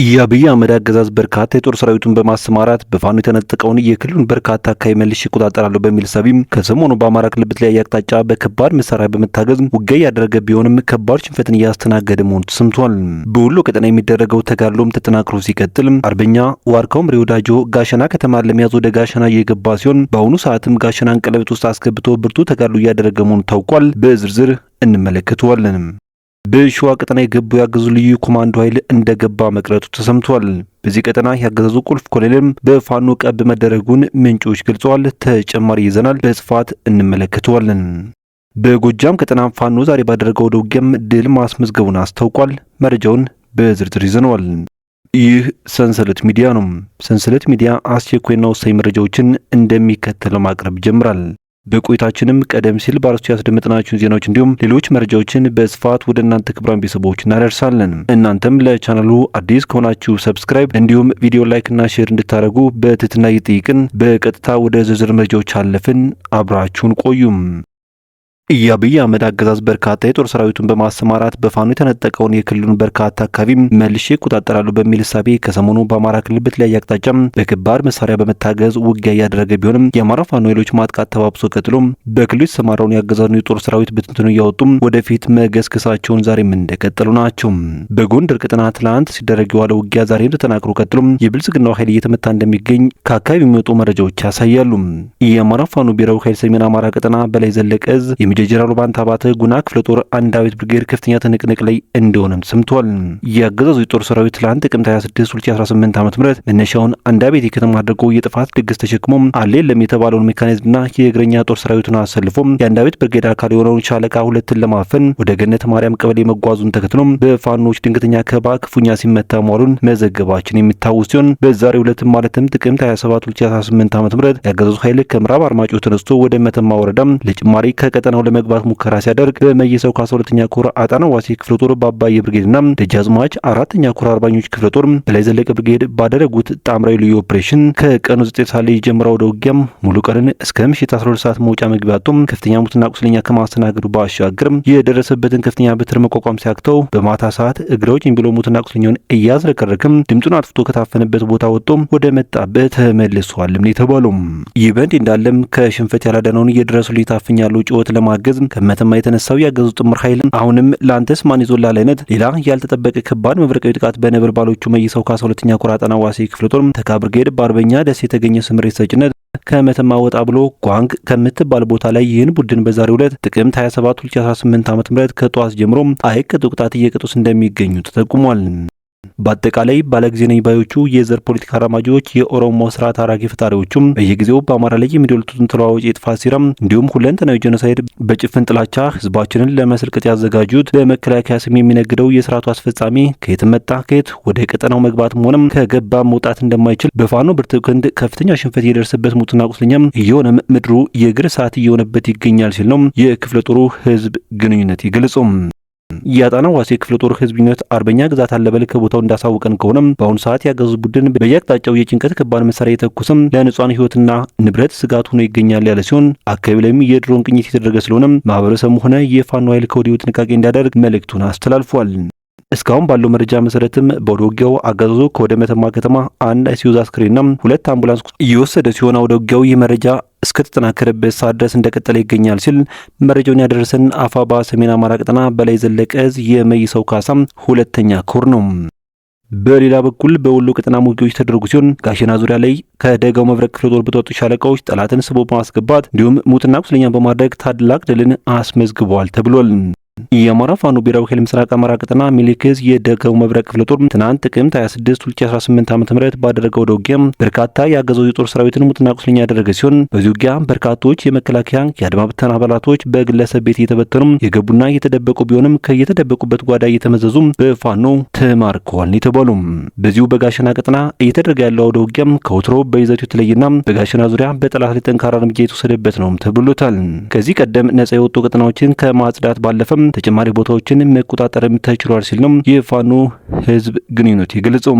የአብይ አህመድ አገዛዝ በርካታ የጦር ሰራዊቱን በማሰማራት በፋኖ የተነጠቀውን የክልሉን በርካታ አካባቢ መልሼ እቆጣጠራለሁ በሚል ሰቢም ከሰሞኑ በአማራ ክልል በተለያየ አቅጣጫ በከባድ መሳሪያ በመታገዝ ውጊያ እያደረገ ቢሆንም ከባድ ሽንፈትን እያስተናገደ መሆኑ ተሰምቷል። በወሎ ቀጠና የሚደረገው ተጋድሎም ተጠናክሮ ሲቀጥል አርበኛ ዋርካውም ምሬ ጋሸና ከተማን ለመያዝ ወደ ጋሸና እየገባ ሲሆን በአሁኑ ሰዓትም ጋሸናን ቀለበት ውስጥ አስገብቶ ብርቱ ተጋድሎ እያደረገ መሆኑ ታውቋል። በዝርዝር እንመለከተዋለንም። በሸዋ ቀጠና የገባው ያገዙ ልዩ ኮማንዶ ኃይል እንደገባ መቅረቱ ተሰምቷል። በዚህ ቀጠና የአገዛዙ ቁልፍ ኮሎኔልም በፋኖ ቀብ መደረጉን ምንጮች ገልጸዋል። ተጨማሪ ይዘናል፣ በስፋት እንመለከተዋለን። በጎጃም ቀጠና ፋኖ ዛሬ ባደረገው ወደ ውጊያም ድል ማስመዝገቡን አስታውቋል። መረጃውን በዝርዝር ይዘነዋል። ይህ ሰንሰለት ሚዲያ ነው። ሰንሰለት ሚዲያ አስቸኳይና ወሳኝ መረጃዎችን እንደሚከተለው ማቅረብ ይጀምራል። በቆይታችንም ቀደም ሲል በአርስቱ ያስደመጥናችሁን ዜናዎች እንዲሁም ሌሎች መረጃዎችን በስፋት ወደ እናንተ ክቡራን ቤተሰቦች እናደርሳለን። እናንተም ለቻናሉ አዲስ ከሆናችሁ ሰብስክራይብ፣ እንዲሁም ቪዲዮ ላይክና ሼር እንድታደርጉ በትህትና እየጠየቅን በቀጥታ ወደ ዝርዝር መረጃዎች አለፍን። አብራችሁን ቆዩም። የአብይ አህመድ አገዛዝ በርካታ የጦር ሰራዊቱን በማሰማራት በፋኖ የተነጠቀውን የክልሉን በርካታ አካባቢ መልሼ ይቆጣጠራሉ በሚል እሳቤ ከሰሞኑ በአማራ ክልል በተለያየ አቅጣጫ በከባድ መሳሪያ በመታገዝ ውጊያ እያደረገ ቢሆንም የአማራ ፋኖ ኃይሎች ማጥቃት ተባብሶ ቀጥሎ በክልሉ የተሰማራውን የአገዛዙን የጦር ሰራዊት ብትንትኑ እያወጡም ወደፊት መገስገሳቸውን ዛሬም እንደቀጠሉ ናቸው። በጎንደር ቀጠና ትላንት ሲደረግ የዋለ ውጊያ ዛሬም ተጠናክሮ ቀጥሎ የብልጽግናው ኃይል እየተመታ እንደሚገኝ ከአካባቢ የሚወጡ መረጃዎች ያሳያሉ። የአማራ ፋኖ ብሔራዊ ኃይል ሰሜን አማራ ቀጠና በላይ ዘለቀዝ የሜጀር ጄኔራሉ ባንታ አባተ ጉና ክፍለ ጦር አንዳዊት ብርጌድ ከፍተኛ ትንቅንቅ ላይ እንደሆነም ሰምቷል። የአገዛዙ የጦር ሰራዊት ትላንት ጥቅምት 26 2018 ዓ ም መነሻውን አንዳቤት የከተማ አድርጎ የጥፋት ድግስ ተሸክሞ አሌለም የተባለውን ሜካኒዝምና የእግረኛ ጦር ሰራዊቱን አሰልፎ የአንዳቤት አቤት ብርጌድ አካል የሆነውን ሻለቃ ሁለትን ለማፈን ወደ ገነት ማርያም ቀበሌ መጓዙን ተከትሎ በፋኖች ድንገተኛ ከባ ክፉኛ ሲመታ መዋሉን መዘገባችን የሚታወስ ሲሆን በዛሬው ዕለት ማለትም ጥቅምት 27 2018 ዓ ም ያገዛዙ ኃይል ከምዕራብ አርማጭሆ ተነስቶ ወደ መተማ ወረዳ ለጭማሪ ከቀጠና ቀጠናው ለመግባት ሙከራ ሲያደርግ በመይሰው ከአስራ ሁለተኛ ኮር አጣና ዋሴ ክፍለ ጦር በአባየ ብርጌድና ደጃዝማች አራተኛ ኮር አርባኞች ክፍለ ጦር በላይ ዘለቀ ብርጌድ ባደረጉት ጣምራዊ ልዩ ኦፕሬሽን ከቀኑ ዘጠኝ ሰዓት ላይ ጀምረው ወደ ውጊያም ሙሉ ቀንን እስከ ምሽት 12 ሰዓት መውጫ መግቢያቱም ከፍተኛ ሙትና ቁስለኛ ከማስተናገዱ ባሻገርም የደረሰበትን ከፍተኛ በትር መቋቋም ሲያክተው በማታ ሰዓት እግረውጭ ብሎ ሙትና ቁስለኛውን እያዝረከረክም ድምፁን አጥፍቶ ከታፈነበት ቦታ ወጥቶ ወደ መጣበት ተመልሷልም ነው የተባሉም። ይህ በእንዲህ እንዳለም ከሽንፈት ያላዳነውን እየደረሱ ሊታፍኛሉ ጩኸት ለማ ለማገዝ ከመተማ የተነሳው ያገዙ ጥምር ኃይል አሁንም ለአንተስ ማን ይዞላል አይነት ሌላ ያልተጠበቀ ከባድ መብረቃዊ ጥቃት በነበልባሎቹ መይሰው ከአስራ ሁለተኛ ኮር አጠና ዋሴ ክፍለ ጦር ተካብርጌድ በአርበኛ ደስ የተገኘ ስምሬት ሰጭነት ከመተማ ወጣ ብሎ ጓንግ ከምትባል ቦታ ላይ ይህን ቡድን በዛሬው ዕለት ጥቅምት 27 2018 ም ከጠዋት ጀምሮ አይቀጡ ቅጣት እየቀጡስ እንደሚገኙ ተጠቁሟል። በአጠቃላይ ባለጊዜ ነኝ ባዮቹ የዘር ፖለቲካ አራማጆች የኦሮሞ ስርዓት አራጊ ፈጣሪዎቹም በየጊዜው በአማራ ላይ የሚዶልቱትን ተለዋዋጭ የጥፋት ሲራም እንዲሁም ሁለንተናዊ ጀኖሳይድ በጭፍን ጥላቻ ህዝባችንን ለመስልቀት ያዘጋጁት በመከላከያ ስም የሚነግደው የስርዓቱ አስፈጻሚ ከየት መጣ ከየት ወደ ቀጠናው መግባትም ሆነም ከገባ መውጣት እንደማይችል በፋኖ ብርቱ ክንድ ከፍተኛ ሽንፈት የደረሰበት ሙትና ቁስለኛም እየሆነም ምድሩ የእግር ሰዓት እየሆነበት ይገኛል ሲል ነው የክፍለ ጦሩ ህዝብ ግንኙነት ይገልጹም። እያጣነው ዋሴ ክፍለ ጦር ህዝብነት አርበኛ ግዛት አለበል ከቦታው እንዳሳወቀን ከሆነም በአሁኑ ሰዓት ያገዙ ቡድን በየአቅጣጫው የጭንቀት ከባድ መሳሪያ የተኩስም ለንጹሐን ህይወትና ንብረት ስጋት ሆኖ ይገኛል ያለ ሲሆን አካባቢ ላይም የድሮን ቅኝት የተደረገ ስለሆነም ማህበረሰቡ ሆነ የፋኖ ኃይል ከወዲሁ ጥንቃቄ እንዲያደርግ መልእክቱን አስተላልፏል። እስካሁን ባለው መረጃ መሰረትም በወደ ውጊያው አገዛዙ ከወደ መተማ ከተማ አንድ አይሱዙ አስክሬንና ሁለት አምቡላንስ እየወሰደ ሲሆን አውደ ውጊያው ይህ መረጃ እስከተጠናከረበት ሰዓት ድረስ እንደቀጠለ ይገኛል ሲል መረጃውን ያደረሰን አፋባ ሰሜን አማራ ቀጠና በላይ ዘለቀ እዝ የመይሰው ካሳም ሁለተኛ ኮር ነው። በሌላ በኩል በወሎ ቀጠና ውጊያዎች ተደረጉ ሲሆን ጋሸና ዙሪያ ላይ ከደጋው መብረቅ ክፍለ ጦር በተወጡ ሻለቃዎች ጠላትን ስቦ በማስገባት እንዲሁም ሙትና ቁስለኛ በማድረግ ታላቅ ድልን አስመዝግበዋል ተብሏል። የአማራ ፋኖ ብሔራዊ ኃይል ምስራቅ አማራ ቅጥና ሚኒሊክ የደጋው መብረቅ ክፍለ ጦር ትናንት ጥቅምት 26 2018 ዓ.ም ባደረገው ወደ በርካታ የአገዛው የጦር ሰራዊትን ሙትና ቁስለኛ ያደረገ ሲሆን በዚህ ውጊያ በርካቶች የመከላከያ የአድማ ብተና አባላቶች በግለሰብ ቤት እየተበተኑ የገቡና የተደበቁ ቢሆንም ከየተደበቁበት ጓዳ እየተመዘዙ በፋኖ ተማርከዋል የተባሉ። በዚሁ በጋሸና ቅጥና እየተደረገ ያለው ወደ ውጊያ ከወትሮ በይዘቱ የተለየና በጋሸና ዙሪያ በጠላት ላይ ጠንካራ እርምጃ የተወሰደበት ነው ተብሎታል። ከዚህ ቀደም ነጻ የወጡ ቅጥናዎችን ከማጽዳት ባለፈም ተጨማሪ ቦታዎችንም መቆጣጠርም ተችሏል ሲል ነው የፋኖ ህዝብ ግንኙነት የገለጸው።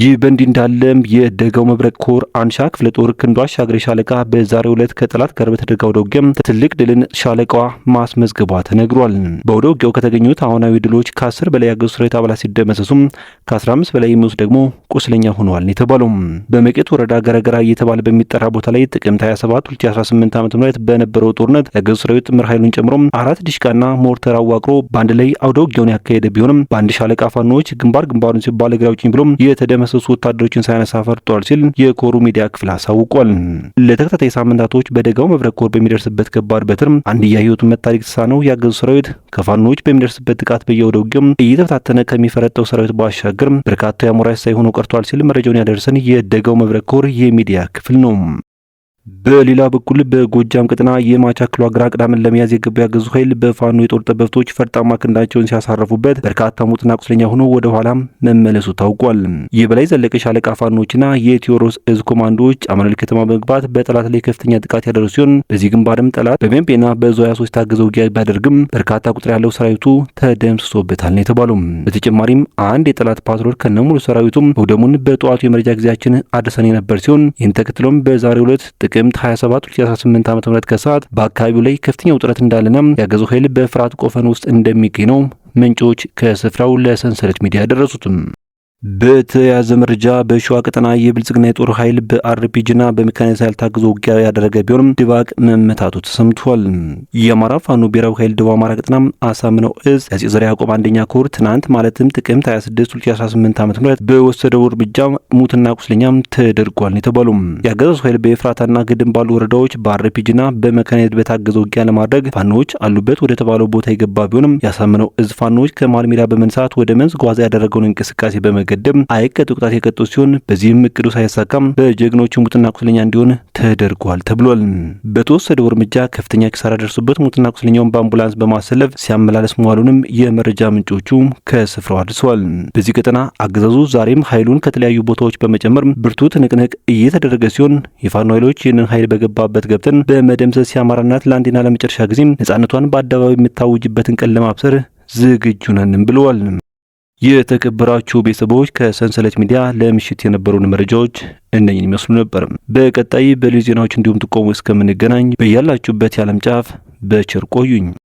ይህ በእንዲህ እንዳለም የደጋው መብረቅ ኮር አንሻ ክፍለ ጦር ክንዷ አሻግሬ ሻለቃ በዛሬው ዕለት ከጠላት ጋር በተደጋው ደውጊያም ትልቅ ድልን ሻለቃዋ ማስመዝገቧ ተነግሯል። በወደ ውጊያው ከተገኙት አሁናዊ ድሎች ከ10 በላይ ያገዙ ሰራዊት አባላት ሲደመሰሱም ከ15 በላይ የሚወስ ደግሞ ቁስለኛ ሆነዋል የተባለው በመቄት ወረዳ ገረገራ እየተባለ በሚጠራ ቦታ ላይ ጥቅምት 27 2018 ምት በነበረው ጦርነት ያገዙ ሰራዊት ጥምር ኃይሉን ጨምሮ አራት ዲሽቃና ሞርተር አዋቅሮ በአንድ ላይ አውደ ውጊያውን ያካሄደ ቢሆንም በአንድ ሻለቃ ፋኖዎች ግንባር ግንባሩን ሲባል እግራውጭኝ ብሎም የተደመ የሚደመሰሱ ወታደሮችን ሳያነሳ ፈርጧል ሲል የኮሩ ሚዲያ ክፍል አሳውቋል። ለተከታታይ ሳምንታቶች በደጋው መብረቅ ኮር በሚደርስበት ከባድ በትር አንድያ ህይወቱን መታደግ ተሳነው ያገዙ ሰራዊት ከፋኖች በሚደርስበት ጥቃት በየወደውጊም እየተፈታተነ ከሚፈረጠው ሰራዊት ባሻገር በርካታ የአሞራይ ሳይሆኑ ቀርቷል ሲል መረጃውን ያደርሰን የደጋው መብረቅ ኮር የሚዲያ ክፍል ነው። በሌላ በኩል በጎጃም ቀጠና የማቻክሎ አግራ ቅዳምን ለመያዝ የገበያ ያገዙ ኃይል በፋኖ የጦር ጠበብቶች ፈርጣማ ክንዳቸውን ሲያሳረፉበት በርካታ ሙትና ቁስለኛ ሆኖ ወደ ኋላም መመለሱ ታውቋል። የበላይ ዘለቀ ሻለቃ ፋኖችና የቴዎድሮስ እዝ ኮማንዶዎች አመነል ከተማ በመግባት በጠላት ላይ ከፍተኛ ጥቃት ያደረሱ ሲሆን በዚህ ግንባርም ጠላት በሜምፔና በዙ 23 ታገዘ ውጊያ ቢያደርግም በርካታ ቁጥር ያለው ሰራዊቱ ተደምስሶበታል ነው የተባሉም። በተጨማሪም አንድ የጠላት ፓትሮል ከነሙሉ ሰራዊቱም መውደሙን በጠዋቱ የመረጃ ጊዜያችን አድርሰን የነበር ሲሆን ይህን ተከትሎም በዛሬው ዕለት ጥቅምት 27 2018 ዓ ም ከሰዓት በአካባቢው ላይ ከፍተኛ ውጥረት እንዳለና ያገዙ ኃይል በፍርሃት ቆፈን ውስጥ እንደሚገኝ ነው ምንጮች ከስፍራው ለሰንሰለት ሚዲያ ያደረሱትም በተያያዘ መረጃ በሸዋ ቀጠና የብልጽግና የጦር ኃይል በአርፒጂና በሜካናይዝ ኃይል ታግዞ ውጊያ ያደረገ ቢሆንም ድባቅ መመታቱ ተሰምቷል። የአማራ ፋኖ ብሔራዊ ኃይል ደቡብ አማራ ቀጠና አሳምነው እዝ ያፄ ዘርዓ ያዕቆብ አንደኛ ኮር ትናንት ማለትም ጥቅምት 26 2018 ዓ ም በወሰደው እርምጃ ሙትና ቁስለኛም ተደርጓል የተባሉ የአገዛዙ ኃይል በኤፍራታና ግድም ባሉ ወረዳዎች በአርፒጂና በሜካናይዝ በታገዘ ውጊያ ለማድረግ ፋኖዎች አሉበት ወደ ተባለው ቦታ የገባ ቢሆንም ያሳምነው እዝ ፋኖዎች ከመሃል ሜዳ በመንሳት ወደ መንዝ ጓዛ ያደረገውን እንቅስቃሴ በመገ ቅድም አይቀጡ ቅጣት የቀጡ ሲሆን በዚህም እቅዱ ሳይሳካም በጀግኖቹ ሙትና ቁስለኛ እንዲሆን ተደርጓል ተብሏል። በተወሰደው እርምጃ ከፍተኛ ኪሳራ ደርሶበት ሙትና ቁስለኛውን በአምቡላንስ በማሰለፍ ሲያመላለስ መዋሉንም የመረጃ ምንጮቹ ከስፍራው አድርሰዋል። በዚህ ቀጠና አገዛዙ ዛሬም ኃይሉን ከተለያዩ ቦታዎች በመጨመር ብርቱ ትንቅንቅ እየተደረገ ሲሆን የፋኖ ኃይሎች ይህንን ኃይል በገባበት ገብተን በመደምሰስ የአማራ ለአንዴና ለመጨረሻ ጊዜም ነጻነቷን በአደባባይ የምታውጅበትን ቀን ለማብሰር ዝግጁ ነንም ብለዋል። የተከበራችሁ ቤተሰቦች ከሰንሰለት ሚዲያ ለምሽት የነበሩን መረጃዎች እነኝን ይመስሉ ነበር። በቀጣይ በልዩ ዜናዎች እንዲሁም ጥቆሙ እስከምንገናኝ በያላችሁበት የዓለም ጫፍ በቸር ቆዩኝ።